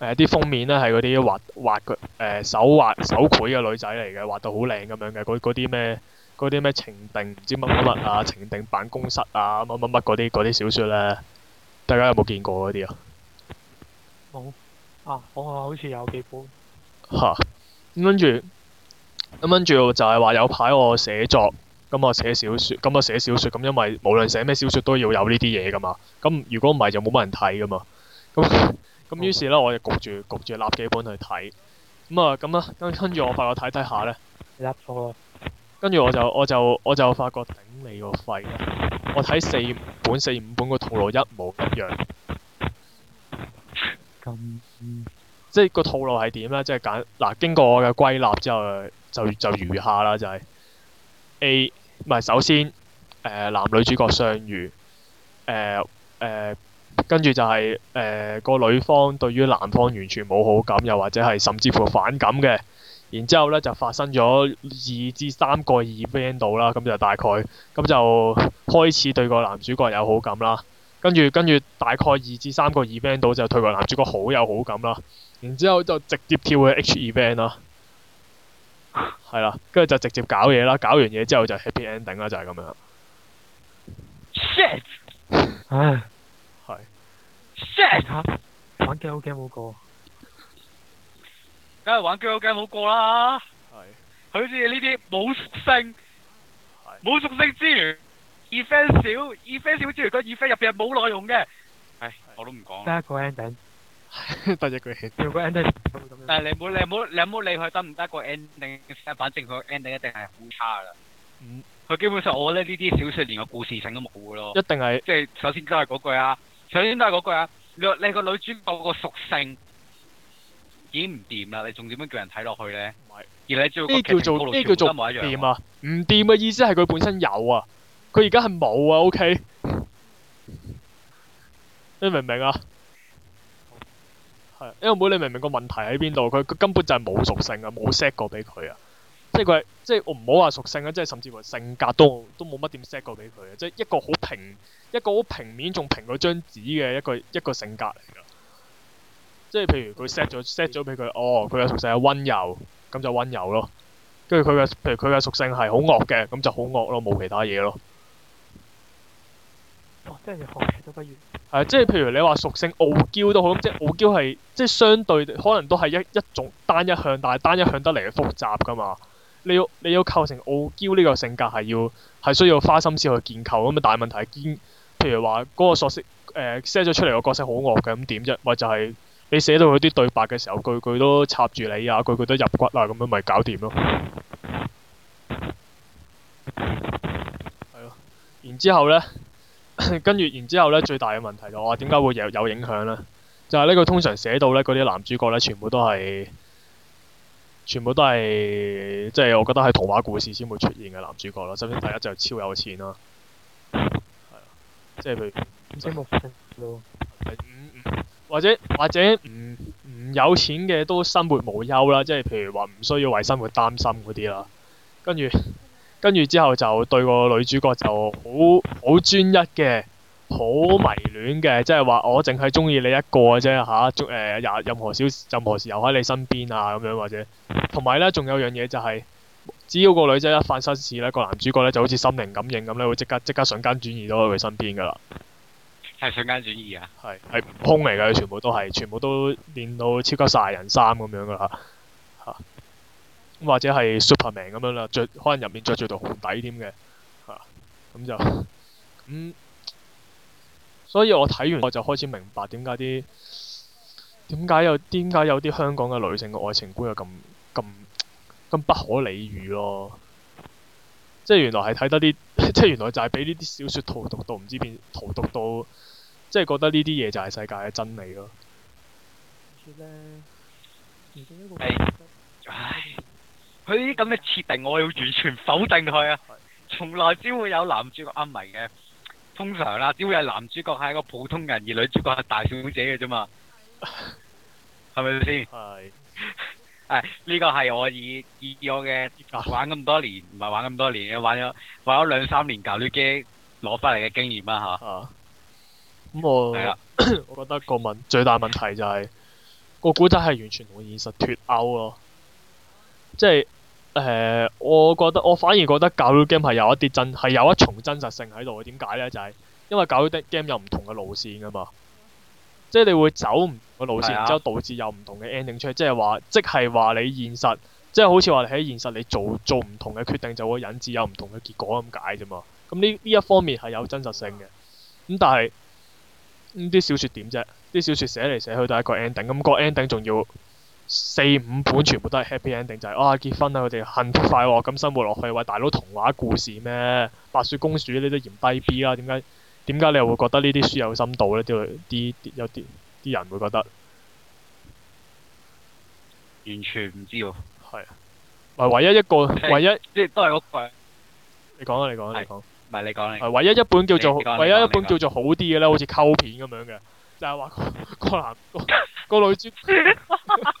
誒啲封面咧係嗰啲畫畫嘅誒手畫手繪嘅女仔嚟嘅，畫到好靚咁樣嘅嗰啲咩啲咩情定唔知乜乜乜啊情定辦公室啊乜乜乜嗰啲啲小說咧，大家有冇見過嗰啲啊？啊！我啊，好似有幾本吓，咁跟住咁跟住就係話有排我寫作，咁我寫小説，咁我寫小説，咁因為無論寫咩小説都要有呢啲嘢噶嘛，咁如果唔係就冇乜人睇噶嘛，咁咁於是咧，我就焗住焗住立幾本去睇，咁啊咁啊跟跟住我發覺睇睇下咧，揦咗，跟住我就我就我就發覺頂你個肺，我睇四本四五本個套路一模一樣。咁、嗯。即係個套路係點咧？即係簡嗱，經過我嘅歸納之後就，就就如下啦、就是，就係 A 唔係首先誒、呃，男女主角相遇，誒、呃、誒，跟、呃、住就係誒個女方對於男方完全冇好感，又或者係甚至乎反感嘅，然之後咧就發生咗二至三個 event 度啦，咁就大概咁就開始對個男主角有好感啦。跟住跟住大概二至三個 event 到就對個男主角好有好感啦，然之後就直接跳去 H event 啦，係 啦，跟住就直接搞嘢啦，搞完嘢之後就 happy ending 啦，就係、是、咁樣啦。Shit！ 唉，係是。Shit！玩 game 好 game 冇過。梗係玩 game 好 game 冇過啦。係。佢好似呢啲冇屬性。冇屬性之餘。二番少，二番少，主要佢二番入邊係冇內容嘅。係，我都唔講。得一個 ending，得只句叫個 ending。但係你唔好，你唔好，你唔好理佢得唔得個 ending 先，反正佢個 ending 一定係好差噶。嗯，佢基本上，我覺得呢啲小說連個故事性都冇咯。一定係，即係首先都係嗰句啊，首先都係嗰句啊。你你個女主角個屬性，已經唔掂啦。你仲點樣叫人睇落去咧？唔係，而你最呢叫做呢叫做掂啊？唔掂嘅意思係佢本身有啊。佢而家係冇啊，OK？你明唔明啊？係，Emma 妹，因為你明唔明個問題喺邊度？佢佢根本就係冇屬性啊，冇 set 過俾佢啊。即係佢，即係我唔好話屬性啊，即係甚至乎性格都都冇乜點 set 過俾佢啊。即係一個好平一個好平面，仲平過張紙嘅一個一個性格嚟噶。即係譬如佢 set 咗 set 咗俾佢，哦，佢嘅屬性係溫柔，咁就溫柔咯。跟住佢嘅，譬如佢嘅屬性係好惡嘅，咁就好惡咯，冇其他嘢咯。哦，即係學嘢都不如、啊。即係譬如你話屬性傲嬌都好，即係傲嬌係即係相對可能都係一一種單一向，但係單一向得嚟嘅複雜噶嘛。你要你要構成傲嬌呢個性格係要係需要花心思去建構咁啊，但係問題係堅，譬如話嗰、那個索色、呃、角色誒寫咗出嚟個角色好惡嘅咁點啫？或就係你寫到佢啲對白嘅時候，句句都插住你啊，句句都入骨啊，咁樣咪搞掂咯。係咯，然之後呢。跟住，然之後呢，最大嘅問題就話點解會有有影響呢？就係個通常寫到呢嗰啲男主角呢，全部都係，全部都係，即係我覺得係童話故事先會出現嘅男主角咯。首先第一就係超有錢啦，係啊，即係譬如，就係，嗯嗯，或者或者唔唔有錢嘅都生活無憂啦，即係譬如話唔需要為生活擔心嗰啲啦，跟住。跟住之後就對個女主角就好好專一嘅，好迷戀嘅，即係話我淨係中意你一個啫嚇、啊呃，任何小任何時候喺你身邊啊咁樣或者，同埋呢仲有樣嘢就係、是，只要個女仔一發生事呢、個男主角呢就好似心靈感應咁呢，會即刻即刻瞬間轉移到去佢身邊噶啦。係瞬間轉移啊！係係空嚟嘅，全部都係，全部都練到超級殺人衫咁樣噶啦。或者係 Superman 咁樣啦，著可能入面着住到紅底添嘅嚇，咁就咁。所以我睇完我就開始明白點解啲點解有點解有啲香港嘅女性嘅愛情觀又咁咁咁不可理喻咯。即係原來係睇得啲，即係原來就係俾呢啲小說荼毒到唔知邊荼毒到，即係覺得呢啲嘢就係世界嘅真理咯。說、哎哎佢啲咁嘅設定，我要完全否定佢啊！從來只會有男主角啱迷嘅，通常啦，只會有男主角係一個普通人，而女主角係大小姐嘅啫嘛，係咪先？係、 哎，誒，呢個係我以以我嘅玩咁多年，唔係 玩咁多年，玩咗玩咗兩三年舊機攞翻嚟嘅經驗啦吓。啊，咁我係啊，嗯、我， 我覺得個問最大問題就係個古仔係完全同現實脫鈎咯，即、就、係、是。誒、呃，我覺得我反而覺得搞 game 係有一啲真，係有一重真實性喺度。點解呢？就係、是、因為搞 game 有唔同嘅路線㗎嘛，即、就、係、是、你會走唔同嘅路線，然的之後導致有唔同嘅 ending 出嚟。即係話，即係話你現實，即、就、係、是、好似話你喺現實你做做唔同嘅決定，就會引致有唔同嘅結果咁解啫嘛。咁呢呢一方面係有真實性嘅。咁、嗯、但係啲、嗯、小說點啫？啲小說寫嚟寫去都係一個 ending、嗯。咁個 ending 仲要。四五本全部都係 happy ending，就係、是、啊結婚啊佢哋幸福快樂咁生活落去，喂大佬童話故事咩？白雪公主你都嫌低 b 啦？點解點解你又會覺得呢啲書有深度呢？啲啲有啲啲人會覺得完全唔知喎，係啊，唯唯一一個唯一即係都係嗰個，你講啦、啊、你講啦、啊、是你講，唯一一本叫做你你唯一一本叫做好啲嘅咧，你你好似溝片咁樣嘅，就係、是、話個，個，個男個個女，個女主。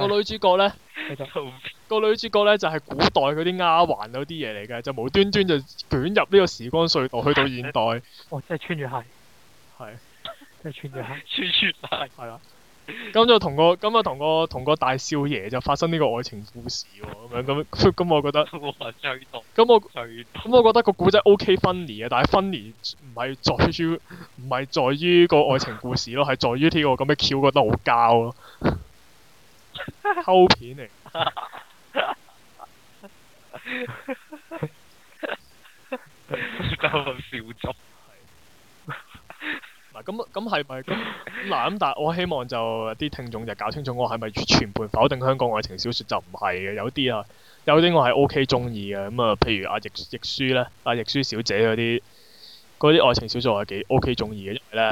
個女主角咧就 個女主角呢，就係、是、古代嗰啲丫鬟嗰啲嘢嚟嘅，就無端端就捲入呢個時光隧道去到現代。 哦，即係穿越系，係是即係穿越系，穿越系。係啦，咁就同個咁就同個同個大少爺就發生呢個愛情故事喎。咁樣咁咁，我覺得咁我最 覺得個古仔 OK，funny 啊，但係 funny 唔係在於唔係在於個愛情故事咯，係 在於呢個咁嘅橋覺得好膠咯。偷片嚟，嗱咁咁係咪？嗱 咁，但我希望就啲聽眾就搞清楚，我係咪全盤否，否，否定香港愛情小說就唔係嘅？有啲、OK、啊，有啲我係 O K 中意嘅。咁啊，譬如阿亦亦舒咧，阿亦舒小姐啲，啲愛情小說我係幾 O K 中意嘅，因為咧。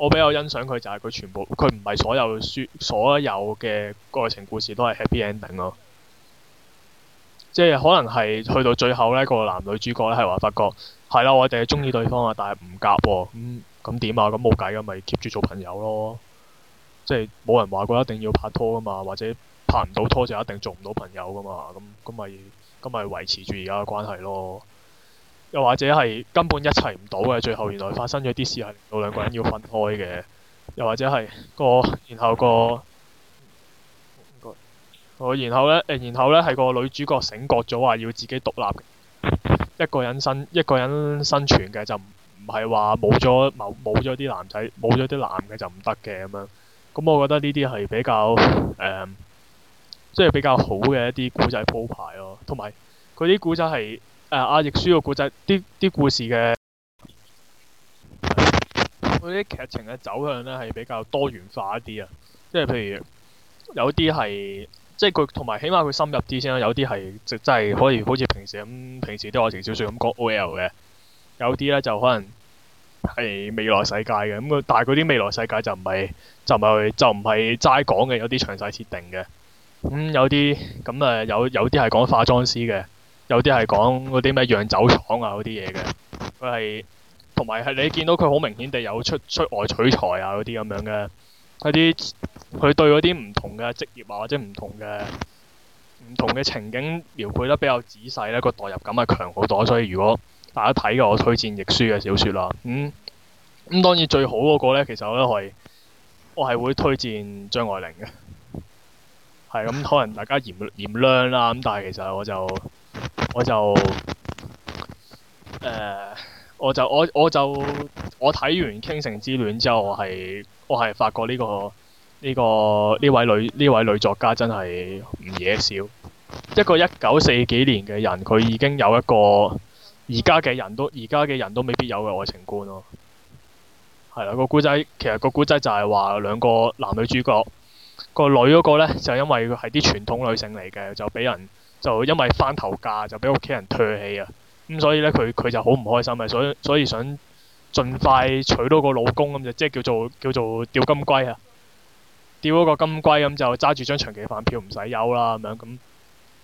我比較欣賞佢就係佢全部，佢唔係所有書所有嘅愛情故事都係 happy ending 咯、啊。即係可能係去到最後呢、呢個男女主角呢係話發覺係啦、啊，我哋係中意對方啊，但係唔夾喎，咁咁點啊？咁冇計啊，咪 keep 住做朋友咯。即係冇人話過一定要拍拖㗎嘛，或者拍唔到拖就一定做唔到朋友㗎嘛，咁咁咪咁咪維持住而家嘅關係咯。又或者係根本一齊唔到嘅，最後原來發生咗啲事係令到兩個人要分開嘅。又或者係個，然後個個，然後呢，呃、然後咧係個女主角醒覺咗，話要自己獨立嘅，一個人生，一個人生存嘅，就唔係話冇咗某冇咗啲男仔，冇咗啲男嘅就唔得嘅咁樣。咁我覺得呢啲係比較即係、呃即係、比較好嘅一啲古仔鋪排咯，同埋佢啲古仔係。誒阿逸書嘅故仔，啲啲故事嘅嗰啲劇情嘅走向咧，係比較多元化一啲啊！即係譬如有啲係即係佢同埋起碼佢深入啲先啦，有啲係即係可以好似平時咁平時啲愛情小説咁講 O.L. 嘅，有啲咧就可能係未來世界嘅咁。但係佢啲未來世界就唔係就唔係就唔係齋講嘅，有啲詳細設定嘅。咁、嗯、有啲咁誒有有啲係講化妝師嘅。有啲係講嗰啲咩釀酒廠啊嗰啲嘢嘅，佢係同埋係你見到佢好明顯地有出出外取材啊嗰啲咁樣嘅啲，佢對嗰啲唔同嘅職業啊或者唔同嘅唔同嘅情景描繪得比較仔細，呢個代入感係強好多，所以如果大家睇嘅，我推薦亦舒嘅小説啦，嗯，咁、嗯、當然最好嗰個呢，其實我覺得係我係會推薦張愛玲嘅，係咁、嗯、可能大家嫌嫌量啦，咁但係其實我就。我就誒、呃，我就我我就我睇完《傾城之戀》之後，我係，我係發覺呢、這個呢、這個呢位女呢位女作家真係唔惹笑。一個一九四幾年嘅人，佢已經有一個而家嘅人都而家嘅人都未必有嘅愛情觀咯。係啦，個古仔其實個古仔就係話兩個男女主角，個女嗰個咧就因為係啲傳統女性嚟嘅，就俾人。就因為翻頭嫁就俾屋企人唾棄啊，咁所以咧佢佢就好唔開心啊，所以所以，所以想盡快娶到個老公咁就即係叫做叫做釣金龜啊，釣咗個金龜咁、嗯、就揸住張長期飯票唔使憂啦咁樣咁，咁、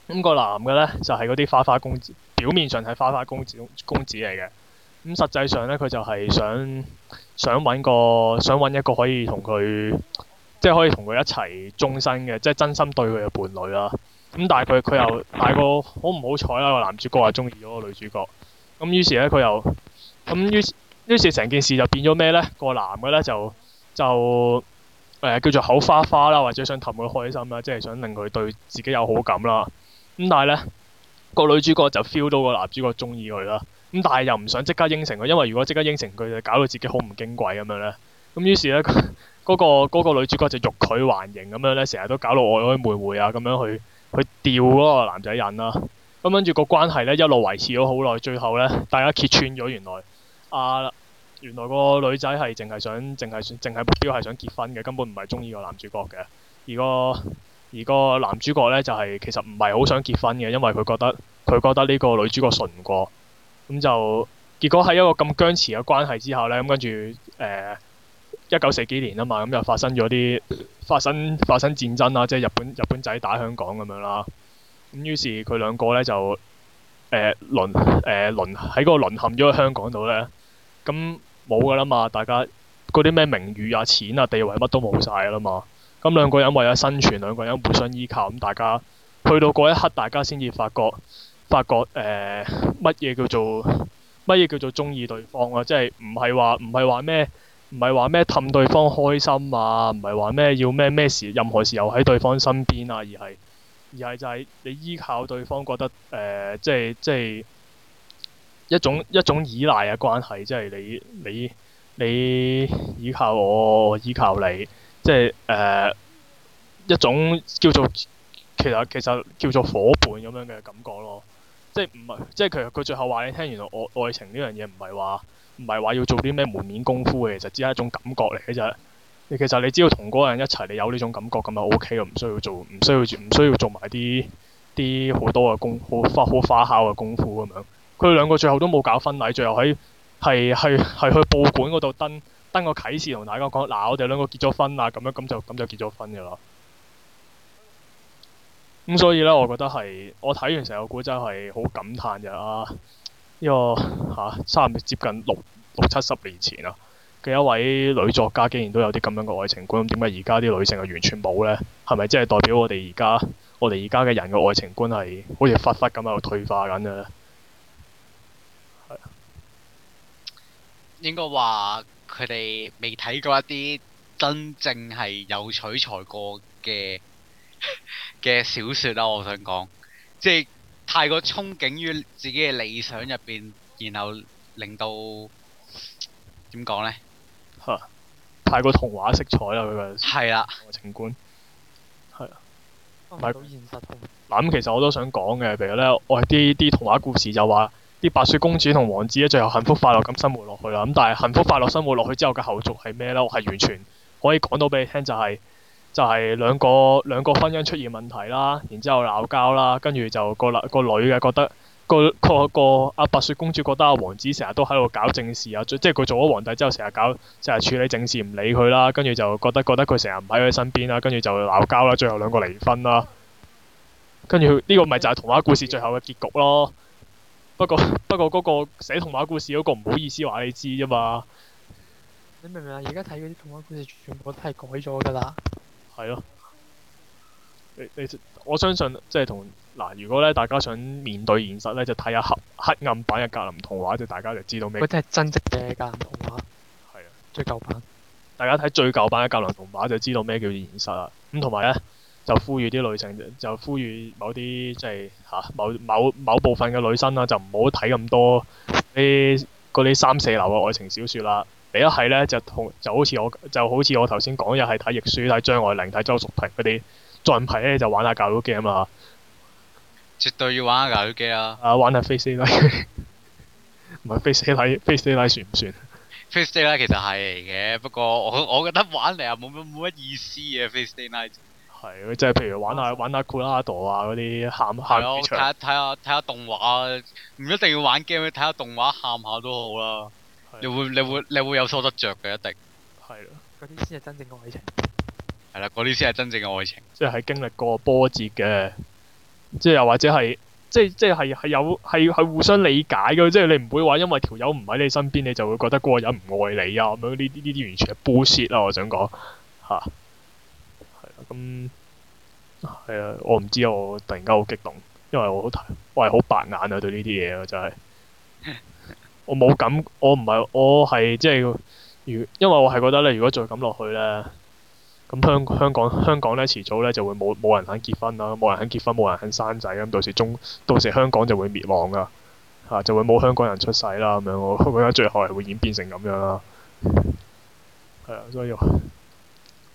嗯、嗰個男嘅咧就係嗰啲花花公子，表面上係花花公子公子嚟嘅，咁、嗯、實際上咧佢就係想想揾個想揾一個可以同佢即係可以同佢一齊終生嘅，即係真心對佢嘅伴侶啦。咁但係佢佢又大過好唔好彩啦！個男主角啊中意咗個女主角，咁於是咧佢又咁於於是成件事就變咗咩咧？個男嘅咧就就誒叫做口花花啦，或者想氹佢開心啦，即係想令佢對自己有好感啦。咁但係咧個女主角就 feel 到個男主角中意佢啦。咁但係又唔想即刻應承佢，因為如果即刻應承佢就搞到自己好唔矜貴咁樣咧。咁於是咧嗰個嗰個女主角就欲拒還迎咁樣咧，成日都搞到曖曖昧昧啊咁樣去去吊嗰個男仔癮啦，咁跟住個關係咧一路維持咗好耐，最後咧大家揭穿咗，原來啊，原來個女仔係淨係想淨係淨係目標係想結婚嘅，根本唔係中意個男主角嘅。而、那個而個男主角咧就係、是、其實唔係好想結婚嘅，因為佢覺得佢覺得呢個女主角純過咁、嗯、就結果喺一個咁僵持嘅關係之後咧，咁跟住誒。呃一九四幾年啊嘛，咁、嗯、又發生咗啲發生發生戰爭啦，即係日本日本仔打香港咁樣啦。咁、嗯、於是佢兩個咧就誒淪誒淪喺嗰個淪陷咗嘅香港度咧，咁冇噶啦嘛，大家嗰啲咩名譽啊、錢啊、地位乜都冇晒噶啦嘛。咁、嗯、兩個人為咗生存，兩個人互相依靠，咁大家去到嗰一刻，大家先至發覺發覺誒乜嘢叫做乜嘢叫做鍾意對方啊！即係唔係話唔係話咩唔係話咩氹對方開心啊，唔係話咩要咩咩時任何時候喺對方身邊啊，而係而係就係你依靠對方覺得誒、呃，即係即係一種一種依賴嘅關係，即係你你你依靠我，我依靠你，即係誒、呃、一種叫做其實其實叫做伙伴咁樣嘅感覺咯。即係唔係即係其實佢最後話你聽，原來愛愛情呢樣嘢唔係話。唔係話要做啲咩門面功夫嘅，其實只係一種感覺嚟嘅啫。其實你只要同嗰個人一齊，你有呢種感覺咁就 O K 咯，唔需要做，唔需要唔需要做埋啲啲好多嘅功，好花好花巧嘅功夫咁樣。佢哋兩個最後都冇搞婚禮，最後喺係係係去報館嗰度登登個啟事，同大家講嗱、啊，我哋兩個結咗婚啦，咁樣咁就咁就結咗婚嘅啦。咁所以呢，我覺得係我睇完成個古仔係好感嘆嘅啊。呢、這個嚇、啊、差唔多接近六六七十年前啦，嘅一位女作家竟然都有啲咁樣嘅愛情觀，點解而家啲女性係完全冇呢？係咪即係代表我哋而家我哋而家嘅人嘅愛情觀係好似忽忽咁喺度退化緊呢？應該話佢哋未睇過一啲真正係有取材過嘅嘅 小説啊！我想講，即係。太過憧憬於自己嘅理想入邊，然後令到點講呢？吓？太過童話色彩啦，佢個係啦情觀，係啦，太過現實嗱咁。是嗯、其實我都想講嘅，譬如咧，我係啲啲童話故事就話啲白雪公主同王子咧，最後幸福快樂咁生活落去啦。咁但係幸福快樂生活落去之後嘅後續係咩呢？我係完全可以講到俾你聽，就係、是。就係兩個兩個婚姻出現問題啦，然之後鬧交啦，跟住就個個女嘅覺得個個阿白雪公主覺得阿王子成日都喺度搞政事啊，即係佢做咗皇帝之後成日搞成日處理政事唔理佢啦，跟住就覺得覺得佢成日唔喺佢身邊啦，跟住就鬧交啦，最後兩個離婚啦，跟住呢個咪就係童話故事最後嘅結局咯。不過不過嗰個寫童話故事嗰個唔好意思話你知啫嘛。你明唔明啊？而家睇嗰啲童話故事全部都係改咗㗎喇。係咯，你你我相信即係同嗱，如果咧大家想面對現實咧，就睇下黑黑暗版嘅格林童話，就大家就知道咩。嗰啲係真正嘅格林童話。係啊了，最舊版。大家睇最舊版嘅格林童話，就知道咩叫現實啦。咁同埋咧，就呼籲啲女性，就呼籲某啲即係嚇某某某部分嘅女生啦、啊，就唔好睇咁多啲嗰啲三四流嘅愛情小説啦、啊。一係咧就同就好似我就好似我頭先講，又係睇譯書、睇張愛玲、睇周淑萍嗰啲。再唔係咧就玩下 galgame 啊嘛，絕對要玩下 galgame 啊，玩下《 Fate Stay Night，唔係 Fate Stay Night，Fate Stay Night 算唔算？Fate Stay Night 其實係嘅，不過我我覺得玩嚟又冇乜冇乜意思嘅 Fate Stay Night 係即係譬如玩下玩下玩 Clannad 啊嗰啲喊喊。睇對下睇下睇下動畫，唔一定要玩 game，睇下動畫喊下都好啦。你會你會你會有所得着嘅一定，係咯的，嗰啲先係真正嘅愛情。係啦，嗰啲先係真正嘅愛情。即係經歷過波折嘅，即係又或者係，即係即係係係有係係互相理解嘅，即係你唔會話因為條友唔喺你身邊，你就會覺得嗰個人唔愛你啊咁樣，呢啲呢啲完全係 bullshit 啦、啊！我想講吓，係啦，咁係啊！我唔知啊。我突然間好激動，因為我好我係好白眼啊！對呢啲嘢啊，真、就、係、是。 我冇咁，我唔係，我係即係，如因為我係覺得咧，如果再咁落去咧，咁、嗯、香香港香港咧遲早咧就會冇冇人肯結婚啦，冇人肯結婚，冇人肯生仔咁，到時中到時香港就會滅亡噶，吓、啊、就會冇香港人出世啦咁樣我覺得最後係會演變成咁樣啦，係啊，所以我，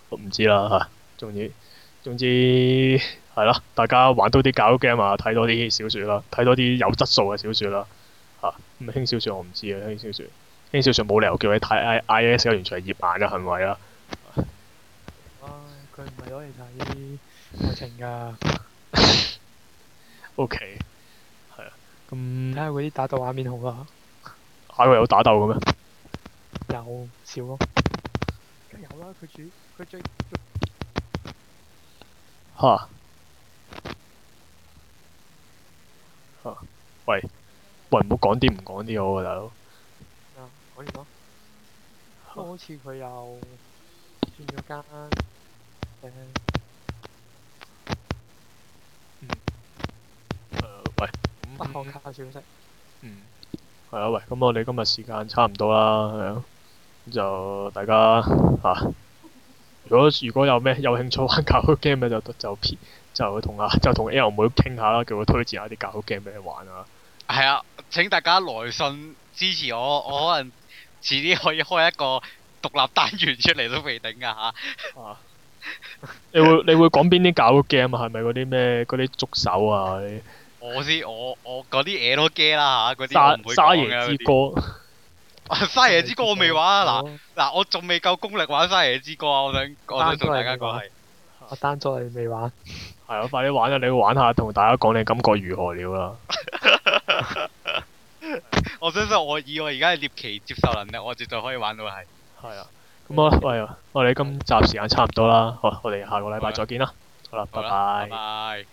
我唔知啦吓、啊，總之總之係啦，大家玩多啲搞 game 啊，睇多啲小說啦，睇多啲有質素嘅小說啦。啊！唔係輕小說我唔知啊，輕小說，輕小說冇理由叫你睇 I I S， 完全係熱眼嘅行為啊？唉，佢唔係攞嚟睇啲愛情噶。O K。係啊。咁睇下嗰啲打鬥畫面好啊，下個、哎、有打鬥嘅咩？有少咯。梗有啦！佢主佢最中。喂！喂，唔好講啲唔講啲嘅大佬。可以講好似佢又轉咗間誒。嗯、啊。誒，喂。不可靠消息。嗯。係啊，喂，咁、嗯啊、我哋、嗯啊、今日時間差唔多啦，啊。咁就大家啊，如果如果有咩有興趣玩架好 game 嘅，就就撇，就同啊，就同 L 妹傾下啦，叫佢推薦下啲架好 game 俾你玩啊。係啊，請大家來信支持我。我可能遲啲可以開一個獨立單元出嚟都未定噶吓。你會你會講邊啲搞 game 啊？係咪嗰啲咩嗰啲捉手啊？我先我我嗰啲嘢都驚啦吓，嗰啲唔會講嘅沙爺之歌，沙爺之歌我未玩啊？嗱嗱，我仲未夠功力玩沙爺之歌啊！我想我想同大家講係，我單作未玩。係啊，快啲玩啊！你會玩下同大家講你感覺如何了啦。 我相信我以我而家嘅獵奇接受能力，我絕對可以玩到係。係啊，咁、嗯嗯、啊，喂啊，我哋今集時間差唔多啦，好啦，我哋下個禮拜再見啦，好啦，拜拜。